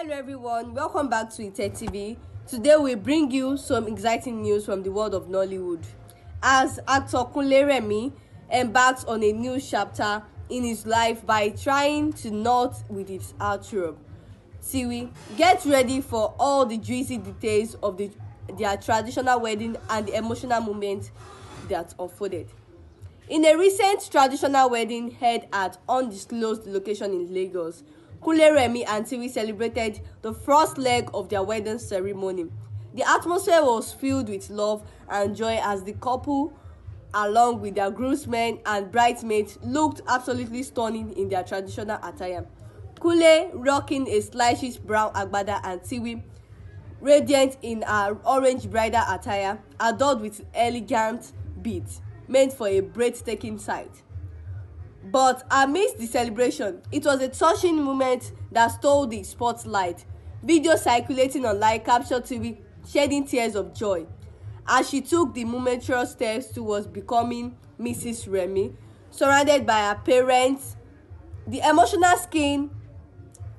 Hello everyone, welcome back to Ite TV. Today we bring you some exciting news from the world of Nollywood. As actor Kunle Remi embarks on a new chapter in his life by trying to knot with his outro. we get ready for all the juicy details of the, their traditional wedding and the emotional moment that unfolded. In a recent traditional wedding held at undisclosed location in Lagos, Kule Kuleremi and Tiwi celebrated the first leg of their wedding ceremony. The atmosphere was filled with love and joy as the couple, along with their groomsmen and bridesmaids, looked absolutely stunning in their traditional attire. Kule rocking a slightish brown agbada and Tiwi radiant in her orange bridal attire, adorned with elegant beads meant for a breathtaking sight. But amidst the celebration, it was a touching moment that stole the spotlight. Video circulating online captured TV shedding tears of joy as she took the momentous steps towards becoming Mrs. Remy, surrounded by her parents. The emotional skin,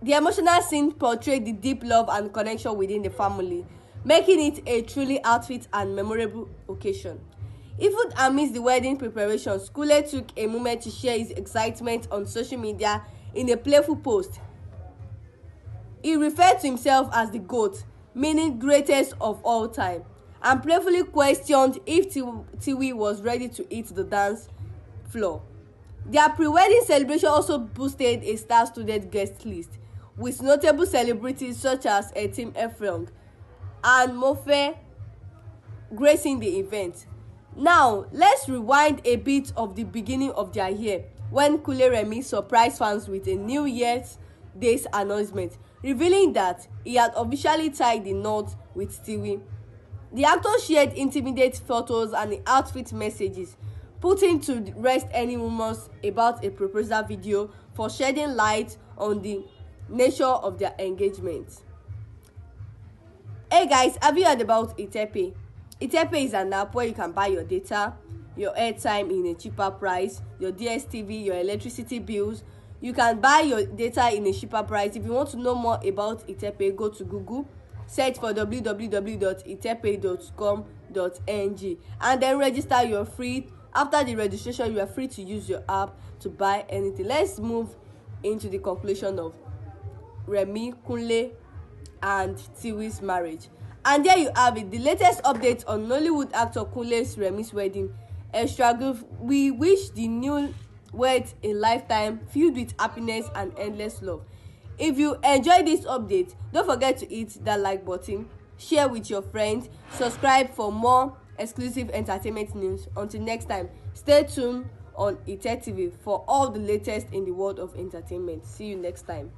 the emotional scene portrayed the deep love and connection within the family, making it a truly outfit and memorable occasion. Even amidst the wedding preparations, Kule took a moment to share his excitement on social media in a playful post. He referred to himself as the GOAT, meaning greatest of all time, and playfully questioned if Tiwi was ready to hit the dance floor. Their pre-wedding celebration also boosted a star student guest list, with notable celebrities such as Etim Efrong and Mofe gracing the event. Now, let's rewind a bit of the beginning of their year when remi surprised fans with a New Year's Day's announcement, revealing that he had officially tied the knot with Stewie. The actor shared intimate photos and outfit messages, putting to rest any rumors about a proposal video for shedding light on the nature of their engagement. Hey guys, have you heard about Itepe? Itepe is an app where you can buy your data, your airtime in a cheaper price, your DSTV, your electricity bills. You can buy your data in a cheaper price. If you want to know more about Itepe, go to Google, search for www.itepe.com.ng and then register your free. After the registration, you are free to use your app to buy anything. Let's move into the conclusion of Remi Kunle and Tiwi's marriage. And there you have it, the latest update on Nollywood actor Kunle Remi's wedding. Extra groove, we wish the newlyweds a lifetime filled with happiness and endless love. If you enjoy this update, don't forget to hit that like button, share with your friends, subscribe for more exclusive entertainment news. Until next time, stay tuned on Ite TV e for all the latest in the world of entertainment. See you next time.